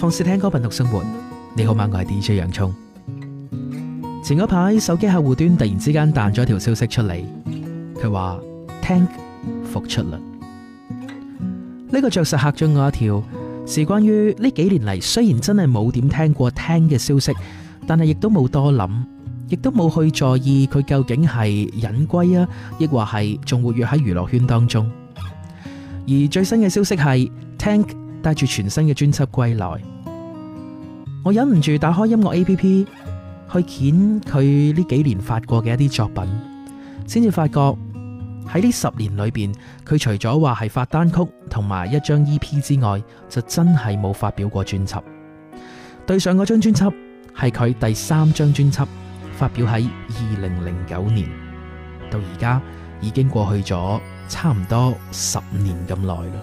放肆聽歌品讀生活，你好嗎？我係 DJ 洋葱。前嗰排手機客戶端突然之間彈咗條消息出嚟，佢話 Tank 復出啦。呢個着實吓咗我一跳，事關於呢幾年嚟雖然真係冇點聽過 Tank 嘅消息，但係亦都冇多諗，亦都冇去在意佢究竟係隱歸啊，亦或係仲活躍喺娛樂圈當中。而最新嘅消息係 Tank 帶住全新嘅專輯歸來。我忍唔住打開音樂 A P P 去檢佢呢幾年發過嘅一啲作品，先至發覺喺呢十年裏邊，佢除咗話係發單曲同埋一張 E P 之外，就真係冇發表過專輯。對上嗰張專輯係佢第三張專輯，發表喺二零零九年，到而家已經過去咗差唔多十年咁耐啦。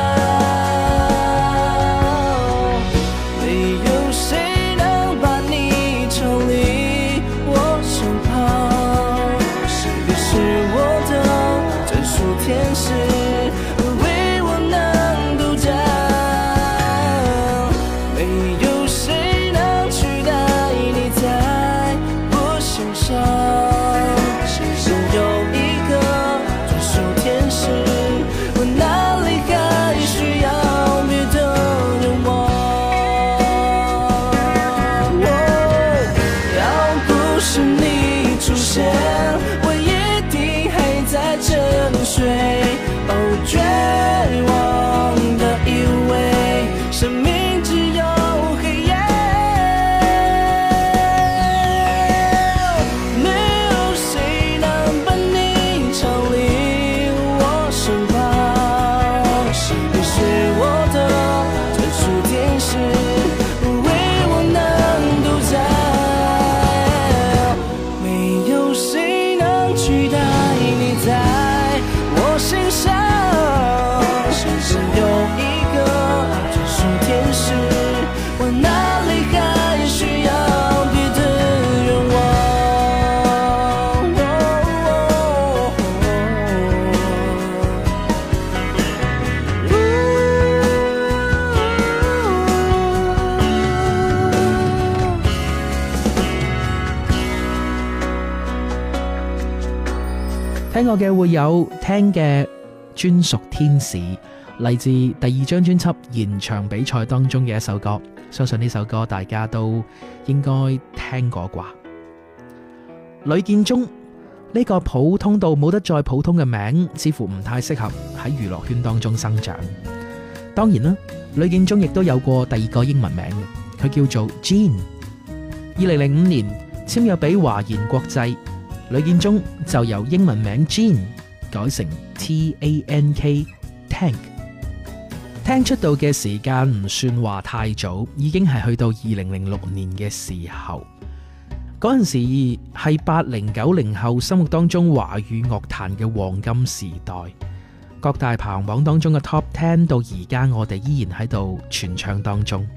嘅會有聽嘅專屬天使，嚟自第二張專輯《延長比賽》當中嘅一首歌，相信呢首歌大家都應該聽過啩。呂建中呢個普通到冇得再普通嘅名，似乎唔太適合喺娛樂圈當中生長。當然啦，呂建中亦都有過第二個英文名，佢叫做 Jean。二零零五年簽約俾華研國際。呂建中就由英文名 Jean 改成 T A N K Tank。Tank 出道嘅時間唔算話太早，已經係去到二零零六年嘅時候。嗰陣時係八零九零後心目當中華語樂壇嘅黃金時代，各大排行榜當中嘅 Top Ten 到而家我哋依然喺度傳唱當中。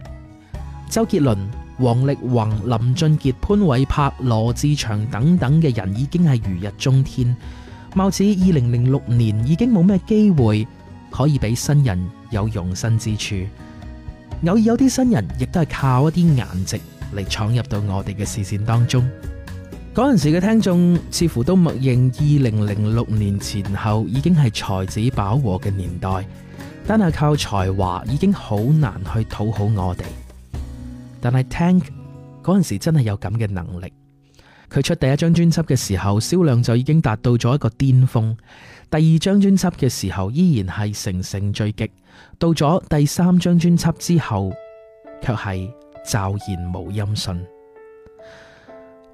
周杰倫。王力宏、林俊傑、潘瑋柏、羅志祥等等嘅人已經係如日中天，貌似二零零六年已經冇咩機會可以俾新人有容身之處。偶爾有啲新人亦都係靠一啲顏值嚟闖入到我哋嘅視線當中。嗰陣時嘅聽眾似乎都默認二零零六年前後已經係才子飽和嘅年代，單係靠才華已經好難去討好我哋。但係 Tank 嗰陣時真係有咁嘅能力，佢出第一張專輯嘅時候銷量就已經達到咗一個巔峰，第二張專輯嘅時候依然係乘勝追擊，到咗第三張專輯之後卻係驟然無音訊。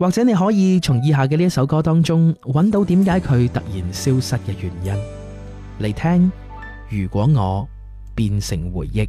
或者你可以從以下嘅呢一首歌當中揾到點解佢突然消失嘅原因嚟聽。如果我變成回憶，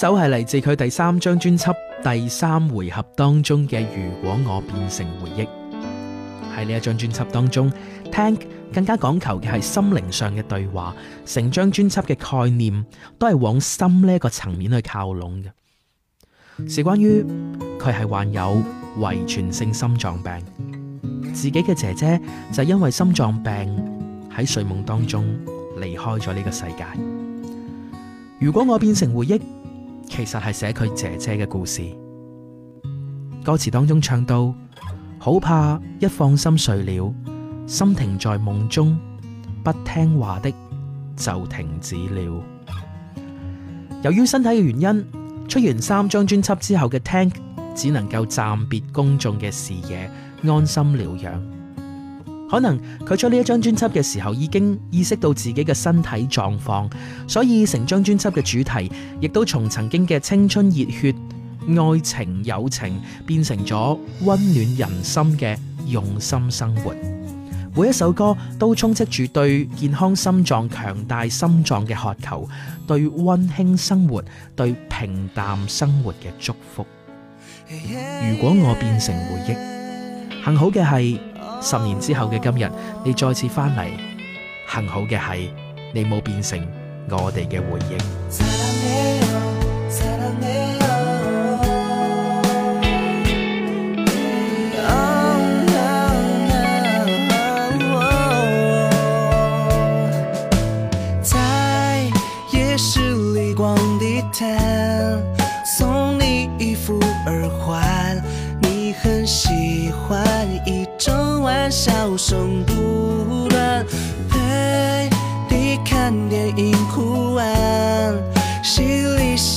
首係嚟自佢第三張專輯《第三回合》當中嘅《如果我變成回憶》。喺呢一張專輯當中，Tank 更加講求嘅係心靈上嘅對話，成張專輯嘅概念都係往心呢個層面去靠攏嘅。事關於佢係患有遺傳性心臟病，自己嘅姐姐就因為心臟病喺睡夢當中離開咗呢個世界。如果我變成回憶。其實係寫佢姐姐嘅故事，歌詞當中唱到好怕一放心睡了，心停在夢中，不聽話的就停止了。由於身體嘅原因，出完三張專輯之後嘅 Tank 只能夠暫別公眾嘅視野，安心療養。可能佢出呢一張專輯嘅時候，已經意識到自己嘅身體狀況，所以成張專輯嘅主題，亦都從曾經嘅青春熱血、愛情友情，變成咗溫暖人心嘅用心生活。每一首歌都充斥住對健康心臟、強大心臟嘅渴求，對溫馨生活、對平淡生活嘅祝福。如果我變成回憶，幸好嘅係。十年之後嘅今日，你再次翻嚟。幸好嘅係，你冇變成我哋嘅回憶。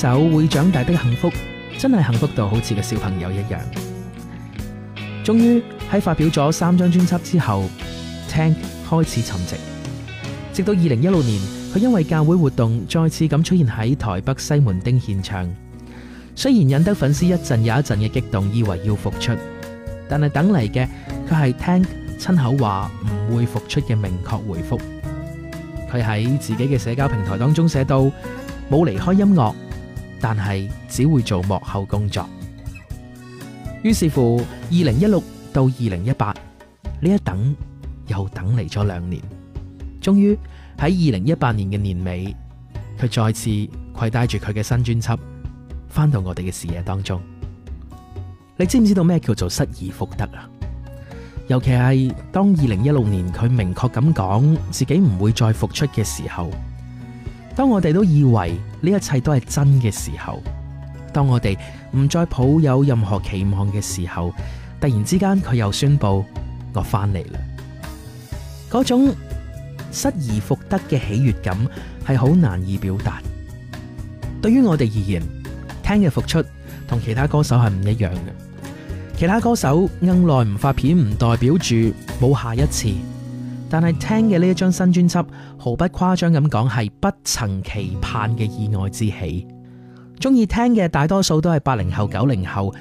首「會長大的幸福」，真係幸福到好似個小朋友一樣。終於喺發表咗三張專輯之後，Tank 開始沉寂，直到二零一六年，佢因為教會活動再次咁出現喺台北西門町現場。雖然引得粉絲一陣又一陣嘅激動，以為要復出，但係等嚟嘅，佢係 Tank 親口話唔會復出嘅明確回覆。佢喺自己嘅社交平台當中寫到，冇離開音樂。但係只會做幕後工作，於是乎，二零一六到二零一八呢一等又等嚟咗兩年，終於喺二零一八年嘅年尾，佢再次攜帶住佢嘅新專輯返到我哋嘅視野當中。你知唔知道咩叫做失而復得啊？尤其係當二零一六年佢明確咁講自己唔會再復出嘅時候。當我哋都以為呢一切都係真嘅時候，當我哋唔再抱有任何期望嘅時候，突然之間佢又宣布我翻嚟啦，嗰種失而復得嘅喜悅感係好難以表達。對於我哋而言，聽嘅復出同其他歌手係唔一樣嘅，其他歌手硬耐唔發片唔代表住冇下一次。但係聽嘅呢一張新專輯，毫不誇張咁講，係不曾期盼嘅意外之喜。中意聽嘅大多數都係八零後、九零後，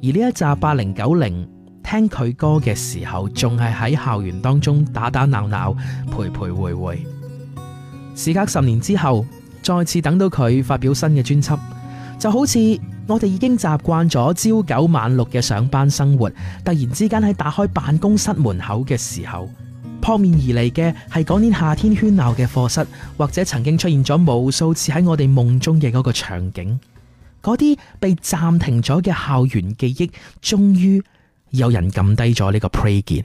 而呢一紮八零九零聽佢歌嘅時候，仲係喺校園當中打打鬧鬧，徘徘徊徊。時隔十年之後，再次等到佢發表新嘅專輯，就好似我哋已經習慣咗朝九晚六嘅上班生活，突然之間喺打開辦公室門口嘅時候。撲面而嚟嘅係嗰年夏天喧鬧嘅課室，或者曾經出現咗無數次喺我哋夢中嘅嗰個場景，嗰啲被暫停咗嘅校園記憶，終於有人撳低咗呢個 Play 鍵。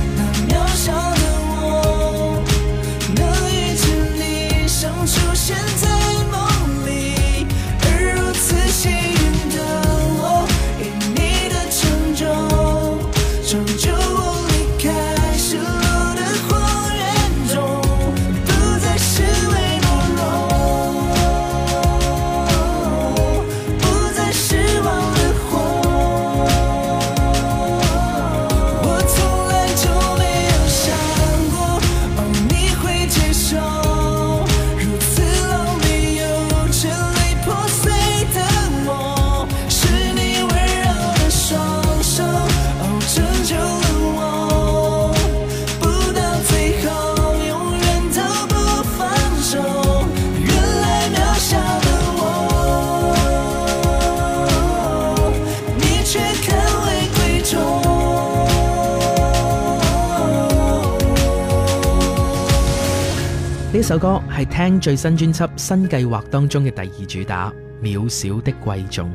呢首歌係 Tank 最新專輯《新計劃》當中嘅第二主打《渺小的貴重》。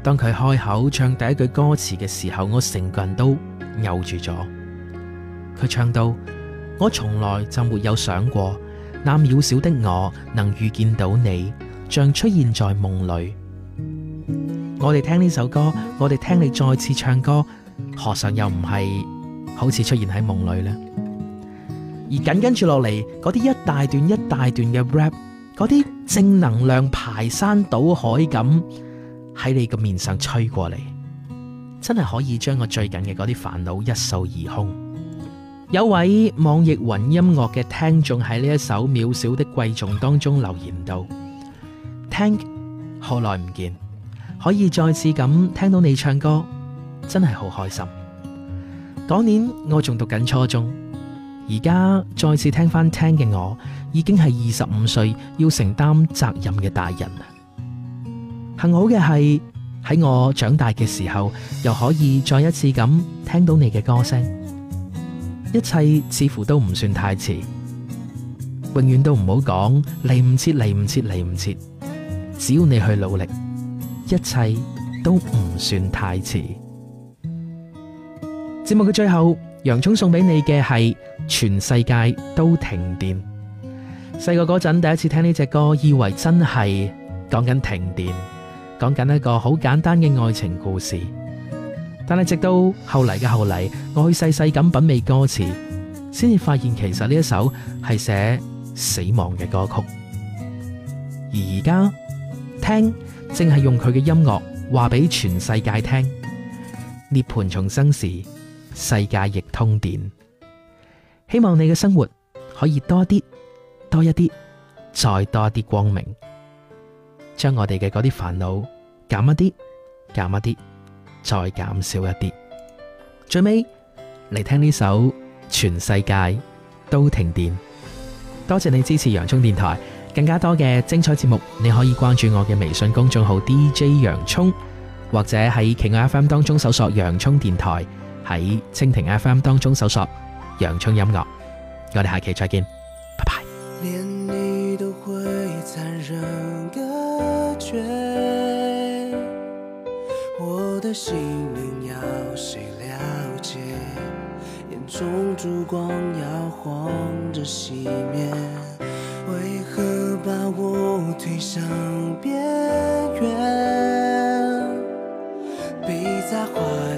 當佢開口唱第一句歌詞嘅時候，我成個人都扭住咗。佢唱到：我從來就沒有想過，那渺小的我能遇見到你，像出現在夢裏。我哋聽呢首歌，我哋聽你再次唱歌，何嘗又唔係好似出現喺夢裏呢？而緊跟住落嚟嗰啲一大段一大段嘅 rap，嗰啲正能量排山倒海咁喺你嘅面上吹過嚟，真係可以將我最近嘅嗰啲煩惱一掃而空。有位網易雲音樂嘅聽眾喺呢一首渺小的貴重當中留言道：「Tank，好耐唔見，可以再次咁聽到你唱歌，真係好開心。當年我仲讀緊初中。而家再次聽翻聽嘅我，已經係二十五歲要承擔責任嘅大人啦。幸好嘅係喺我長大嘅時候，又可以再一次咁聽到你嘅歌聲。一切似乎都唔算太遲，永遠都唔好講嚟唔切，嚟唔切，嚟唔切，只要你去努力，一切都唔算太遲。節目嘅最後。洋蔥送俾你嘅，係全世界都停電。細個嗰陣第一次聽呢隻歌，以為真係講緊停電，講緊一個好簡單嘅愛情故事。但係直到後嚟嘅後嚟，我去細細咁品味歌詞，先至發現其實呢一首係寫死亡嘅歌曲。而而家聽，正係用佢嘅音樂話俾全世界聽，涅槃重生時世界亦通電，希望你嘅生活可以多啲、多一啲、再多一啲光明，將我哋嘅嗰啲煩惱減一啲、減一啲、再減少一啲，最尾嚟聽呢首《全世界都停電》。多謝你支持洋蔥電台，更加多嘅精彩節目，你可以關注我嘅微信公眾號 DJ 洋蔥，或者喺企鵝 FM 當中搜索洋蔥電台。喺蜻蜓 FM 當中搜索洋葱音樂，我哋下期再見，拜拜。